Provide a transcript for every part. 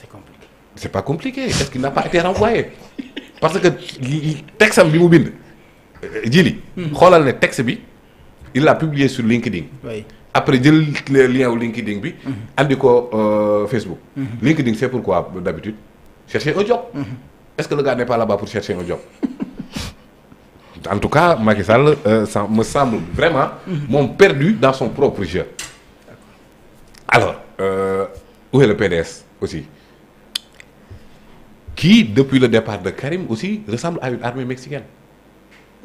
c'est compliqué. c'est pas compliqué est-ce qu'il n'a pas été renvoyé parce que texte am bi mu bind. jili xoolal ne texte bi il l'a publié sur LinkedIn. après jël lien wu LinkedIn bi. Mhm. andi ko euh, Facebook. Mm -hmm. LinkedIn c'est pourquoi d'habitude chercher un job. Mm -hmm. est-ce que le gars n'est pas là pour chercher un job. en tout cas Macky Sall euh, ça me semble vraiment. Mhm. moom -hmm. perdu dans son propre jeu. alors euh, où est PDS aussi. qui, depuis le départ de Karim, aussi ressemble à une armée mexicaine.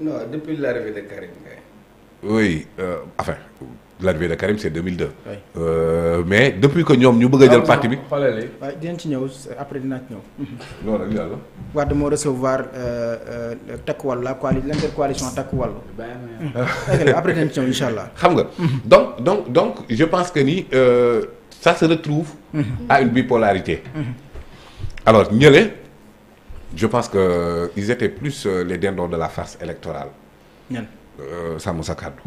Non, depuis l'arrivée de Karim. Oui, euh, enfin, l'arrivée de Karim, c'est 2002. Oui. Euh, mais depuis que nous avons eu le parti. Oui, après nous Non, non, non. recevoir euh, euh, l'intercoalition Takwal. Après nous Inch'Allah. Donc, donc, donc, je pense que ni, euh, ça se retrouve à une bipolarité. Alors, nous je pense que euh, ils étaient plus euh, les dindons de la farce électorale. sa Sàmm Sa Kàddu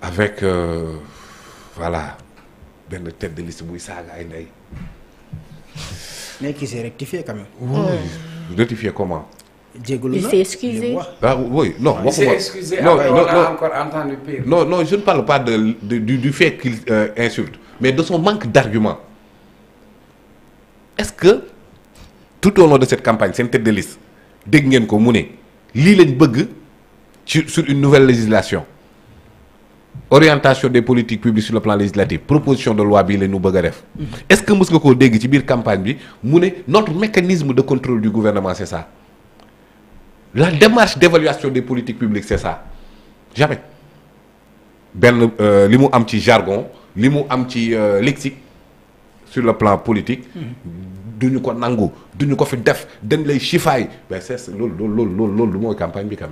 avec euh, voilà benn tête de liste buy saaga ay ndey. mais qui s'est rectifié quand même. oui oh. rectifié comment. jégalu il s'est excusé. Ah, oui non waxuma. non non non encore entendu pire. non non je ne parle pas de, fait qu'il euh, insulte mais de son manque d'argument est-ce que. tout au long de cette campagne seen tête de liste dégg ngeen ko mu ne lii lañ bëgg ci sur une nouvelle législation orientation des politiques publiques sur le plan législatif proposition de loi bii la ñu bëgg a def. est-ce que mës nga koo dégg ci biir campagne bi mu ne notre mécanisme de contrôle du gouvernement c'est ça la démarche d'évaluation des politiques publiques c'est ça jamais benn euh, li mu am ci jargon li mu am ci euh, lexique sur le plan politique. Mmh. du ñu ko nangu duñu ko fi def dañ lay chifaay mais c'est loolu loolu loolu loolu lu mooy campagne bi quand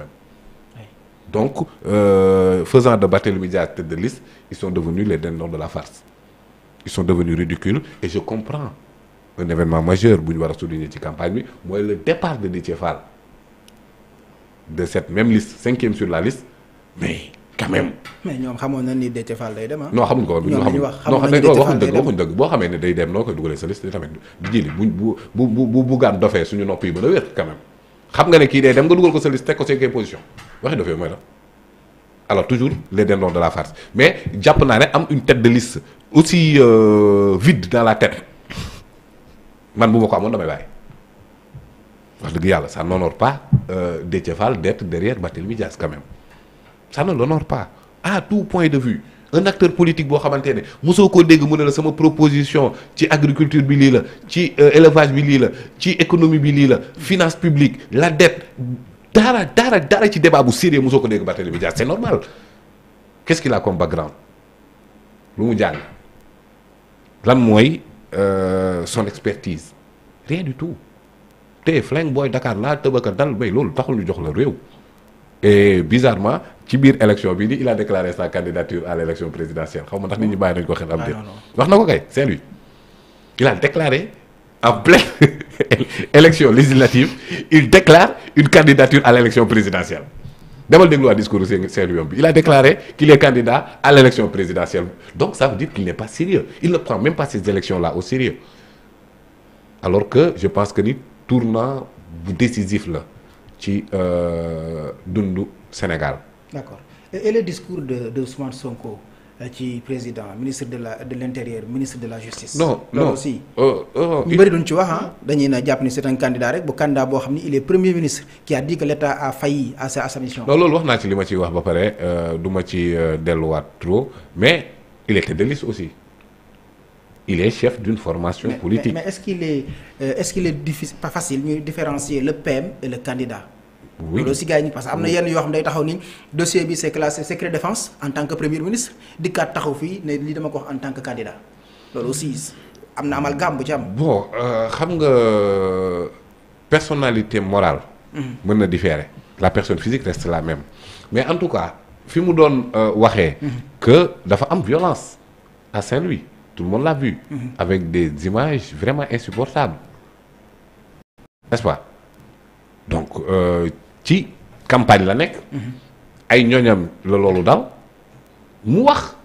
donc euh, faisant de Barthélémy Dias tête de liste ils sont devenus les dindons de la farce ils sont devenus ridicules et je comprends un événement majeur bu ñu war a ci campagne bi mooy le départ de Déthié Fall de cette même liste cinquième sur la liste mais quand même. mais ñoom xamoon na ni Déthié Fall day dem ah. non xamuñ ko woon ñoom dañuy wax xamoon nañu Déthié Fall day dem ah. waxuñ dëgg boo xamee ne day dem noo koy dugalee sa liste tamit di jëli bu bu bu bu bu buggaan dofee suñu nopp yi mën a wér quand xam nga ne kii day dem nga dugal ko sa liste teg ko cinquième position waxi dofee mooy la alors toujours les dindons de la farce mais jàpp naa ne am une tête de liste aussi euh, vide dans la tête man bu ma ko amoon damay bàyyi wax dëgg yàlla ça n'honore pas euh, Déthié Fall d'être derrière Barthélémy Dias quand même ça ne l'honore pa à tout point de vue un acteur politique boo xamante ne mosoo koo dégg mu ne la sama proposition ci agriculture bi lii la ci euh, élevage bi lii la ci économie bi lii la finance publique la dette dara dara dara ci débat bu sérieux mosoo ko dégg Barthélémy Dias c'est normal qu'est-ce qu'il a comme background lu mu jàng lan mooy euh, son expertise rien du tout te flingue booy dakaar laa tëbaka dal bay loolu taxul ñu jox la réew et bizarrement ci biir élection bi nii il a déclaré sa candidature à l' élection présidentielle xaw ma ndax nit ñi bàyyi nañ ko xel ah, wax na ko kay c'est lui il a déclaré en pleine élection législative il déclare une candidature à l' élection présidentielle demal dégluwaat discours Saint-Louis bi il a déclaré qu'il est candidat à l'élection présidentielle donc ça veut dire qu'il n'est pas sérieux il ne prend même pas ces élections là au sérieux alors que je pense que ni tournant bu décisif la ci euh, dundu Sénégal. d'accord et le discours de de Ousmane Sonko euh, ci président ministre de la de l'intérieur ministre de la justice. non non loolu aussi. Euh, ñu bëri ci wax ah. dañuy na jàpp ni c'est un candidat rek bu candidat boo xam ni il premier ministre qui a dit que l'État a failli à sa à sa loolu wax naa ci li ma ciy wax ba pare du ma ci delluwaat trop mais il était de liste aussi. il est chef d'une formation mais, politique. Mais, mais est-ce qu'il est euh, est facile ñuy différencier le PM et le candidat. oui loolu aussi gars yi ñu parce que am na yenn yoo xam day taxaw ni dossier bi c'est classé secret défense en tant que taxaw fii ne lii dama ko wax en tant que candidat loolu aussi am na amalgame bu ci am. bon euh, xam nga euh, personnalité morale. Mm-hmm. mën na différer la personne physique reste la même mais en tout cas fi mu doon euh, waxee. Mm-hmm. que dafa am violence à Saint-Louis. tout le monde l'a vu. Mhm. avec des images vraiment insupportables nest pas donc euh, ci campagne la nekk. Mhm. ay ñooñam la loolu dal mu wax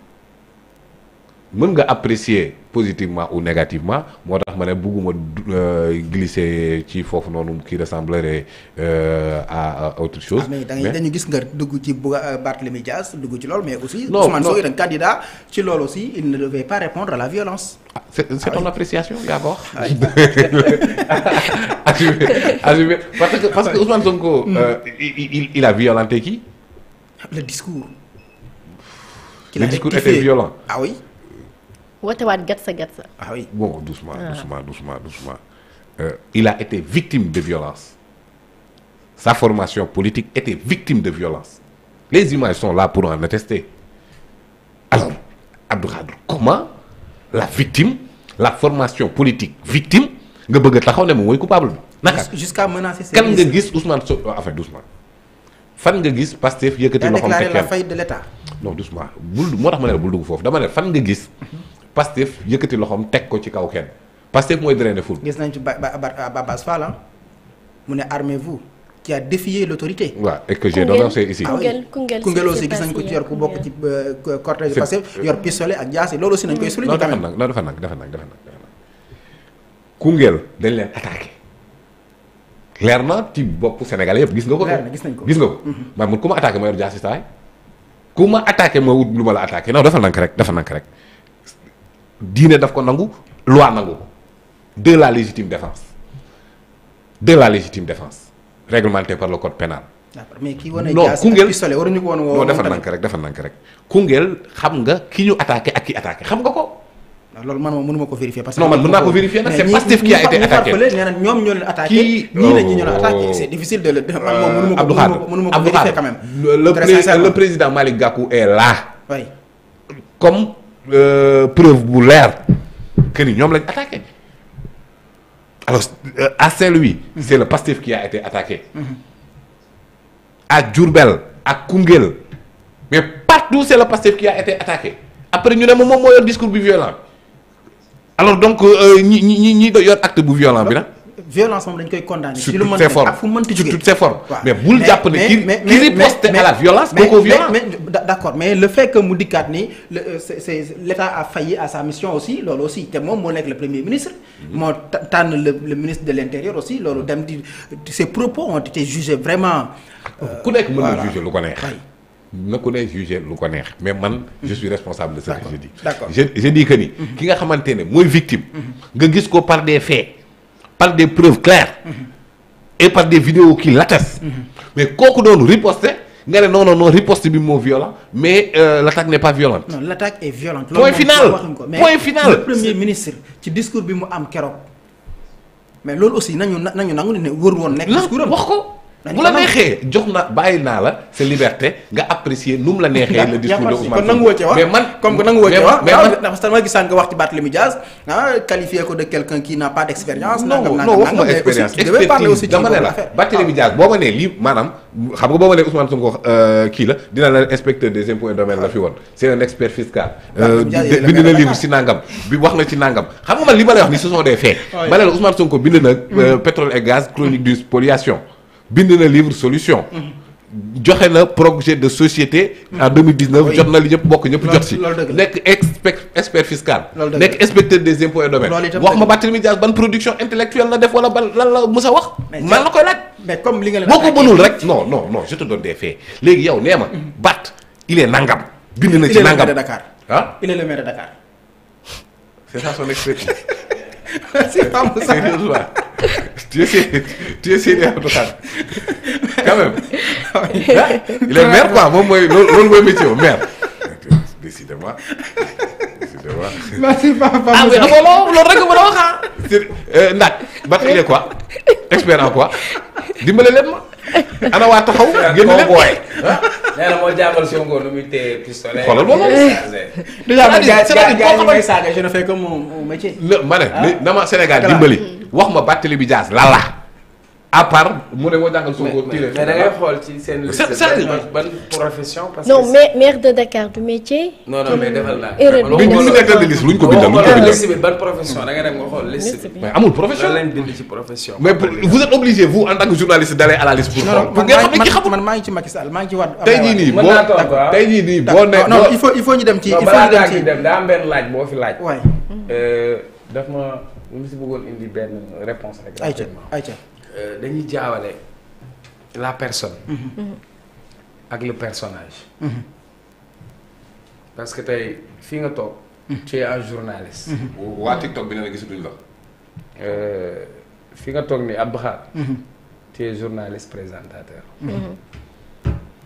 mën nga apprécier. positivement ou négativement moo tax ma ne bugguma euh, glisser ci foofu noonu qui ressemblerait euh, à autre chose. Ah, mais dañu gis nga dugg ci euh, Barthélemy Dias dugg ci loolu mais aussi. non Ousmane Sonko itam candidat ci loolu aussi il ne devait pas répondre à la violence. ah c'est c'est ton ah appréciation yaa ko wax. assumé parce que parce que Ousmane Sonko. Hmm. il a violenté qui. le discours. le discours était violent. Ah wootewaat gatsa gatsa. ah oui bon doucement ah. doucement doucement doucement. Euh, il a été victime de violence. Sa formation politique était victime de violence. Les images sont là pour en attester. Alors, Abdou comment la victime, la formation politique victime nga bëgg a taxaw ne moom mooy coupable bi. naka jusqu'à menacer kan nga gis Ousmane So euh, enfin doucement fan nga gis Pastef yëkkati loxoom. teg la faillite de l'État. bul moo tax ma ne la bul dugg foofu dama ne fan nga gis. Mhm. Pastef yëkkati loxoom teg ko ci kaw kenn Pastef mooy drainer foule. gis nañ ci ba Ababass ah. mu ne armez-vous. qui a défié l'autorité. waaw ouais, et que j'ai dénoncé ah ko ci yor ku bokk ci euh, cortège Pastef yor pistolet ak jaasi loolu aussi nañ koy. souligner quand même non dafa nag dafa nag dafa nag dañ leen attaqué leer na ci bopp Sénégalais yëpp gis nga ko. gis nañ ko gis nga ko. maanaam ku ma attaqué ma yor jaasi saay ku ma attaqué wut lu ma la attaqué non dafa nank rek dafa nank rek. diine daf ko nangu loi nangu ko de la légitime défense de la légitime défense réglementée par le code pénal. d'accord mais kii wane jaas ak pistolet waruñu ko woo. non defal nank rek defal nank rek Koungheul xam nga ki ñu attaqué ak ki attaqué xam nga ko. Ah, loolu man moom mënu ko vérifier parce man mën naa ko vérifier nag c'est Pastef a été attaqué mais ñi ñoom ñoo leen attaqué. ñii la oh. ñi ñoo leen attaqué c'est difficile de le. man euh, moom mënu ma ko mënu ma ko vérifier le président Malick Gakou est là. Euh, preuve bu leer que ni ñoom lañ attaqué alors euh, à Saint-Louis. c' est le Pastef qui a été attaqué. à Diourbel ak Koungheul mais partout c' est le Pastef qui a été attaqué après ñu ne moom moo yor discours bu violent alors donc euh, ñi ñi ñi ñi yor acte bu violent bi na violence moom dañ koy condamner. ci lu mën ak fu mënti jógee sur toutes ses formes jàpp ne ki riposte à la violence. kooku violence mais d' mais le fait que mu dikkaat ni euh, c'est l' à sa mission aussi loolu aussi moom moo nekk le premier ministre. Mm-hmm. moo tànn le de l' intérieur aussi loolu mm-hmm. dem di ses propos ont été jugés vraiment. Euh, ku nekk mën na juger lu ko neex. na ku ne jugé lu ko neex mais man je suis mm-hmm. responsable de ce que je dis je je dis ki nga xamante ne mooy victime nga gis ko par des faits par des preuves claires mm-hmm. et par des vidéos qui l'attestent mm-hmm. mais kooku doonu riposte nga ne non non non riposte bi moo violent mais euh, l' attaque n' est pas violente. non l' attaque est violente. point final point final le premier ministre ci discours bi mu am keroog mais loolu aussi nañu nañu nangu ne wër woon nekk. discours am wax ko. bu la neexee jox na bàyyi naa la sa liberté nga apprécier nu mu la neexee. le discours de Ousmane kon man comme que nangu woo ci wax. mais man parce que dama gisaan nga wax ci ah, ko la Barthélémy ah. Dias boo ma nee lii euh, euh, bind na livre wax na ci nangam xam nga man li ma lay wax ni ce sont des faits. ma euh, mm. et gaz chronique de spoliation bind na livre solution. joxe na projet de société. en 2019 jot na li ñëpp bokk ñëpp jot si. nekk expert fiscal. nekk inspecteur des impôts de domaines. wax ma Barthélémy Dias ban production intellectuelle la def wala ban lan la Moussa wax. man la koy laaj. comme li nga boo ko mënul rek. non non non je te donne des léegi yow nee ma. Mm-hmm. Bart il est nangam. bind na ci nangam ah? il est le maire de tu es sérieux tu es sérieux Abdou Khadre quand même il est maire moom mooy loolu loolu mooy métier maire décidément décidément. merci papa ah ana waa taxaw génn leen booy. nee moo jàngal soo ngoon nu muy téye pistolet. xoolal boobu du na ma Sénégal dimbali. wax ma Barthélémy Dias lan la à part mu ne moo jàngal Sonko tiré mais da ngay xool ci seen liste ban profession parce que non mais maire de Dakar du métier non non mais defal naa erreur bi ñu nekk de liste luñ ko bindal luñ ko bindal liste bi ban profession da nga dem nga xool liste bi mais amul profession lañ bind ci profession mais vous êtes obligé vous en tant que journaliste d'aller à la liste pour xool pour ngeen xam ne ki xamul man maa ngi ci Macky Sall maa ngi ci Wade tey jii nii boo tey jii nii boo ne non il faut il faut ñu dem ci il faut ñu dem ci da am benn laaj boo fi laaj euh, daf ma lu mu si bëggoon indi benn réponse rek. ayca ayca euh, dañuy jaawale la personne. Mm-hmm. Mm-hmm. ak le personnage. Mm-hmm. parce que tey fii nga toog. tu es un journaliste. waa TikTok bi ne la gisatuñ la. Euh, fi nga toog ni Abdou Khadre. tu journaliste présentateur.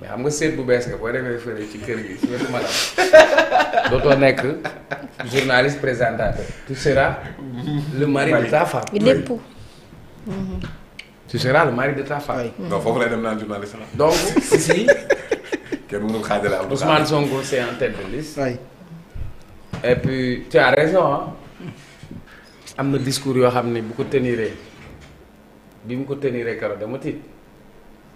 mais xam nga seet bu bees nga boo demee fële ci kër gi ci wetu madame dootoo tu seras le mari de ta femme. lépp. tu seras de ta femme. non foofu lay dem naan journaliste la. donc ici. kenn mënul xaajale am. na discours yoo xam ne bu ko teniree bi mu ko teniree keroog dama tiit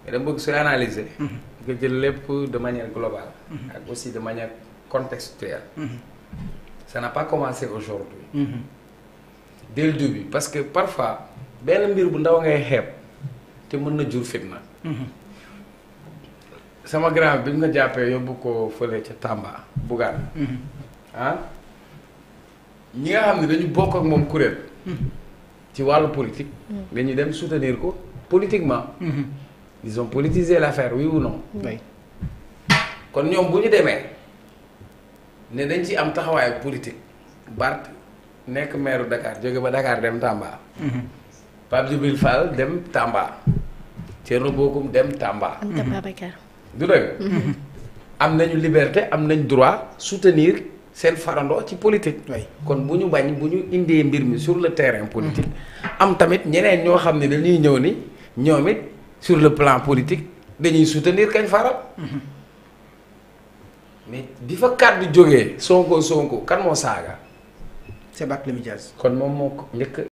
mais dama bëgg suy analyser. Mm-hmm. nga jël lépp de manière globale. Mhm. ak aussi de manière contextuelle. Mhm. ça n'a pas commencé aujourd'hui mhm. dès le parce que parfois benn mbir bu ndaw ngay xeeb te mën na jur fitna. sama grand bi nga jàppee yóbbu ko fële ca Tamba Bougane ah ñi nga xam ne dañu bokk ak moom kuréel. ci wàllu politique. dañuy dem soutenir ko politiquement. ils ont politisé l'affaire oui ou non. oui. kon ñoom bu ñu demee ne dañ ci am taxawaayu politique Bart nekk maire Dakar jóge ba Dakar dem Tamba. Mhm. Pape Djibril Fall dem Tamba. Thierno Bocoum dem Tamba. am mhm. Tamba du dëgg. Mhm. am nañu liberté am nañ droit soutenir seen farandoo ci politique. kon bu ñu bañ bu ñu indee mbir mi sur le terrain politique. am tamit ñeneen ñoo xam ne dañuy ñëw ni ñoom it. sur le plan politique dañuy soutenir kañ faral mhm. mais bi fa kàddu jógee sonko sonko kan moo saaga. Barthélémy Dias kon moom moo ko njëkk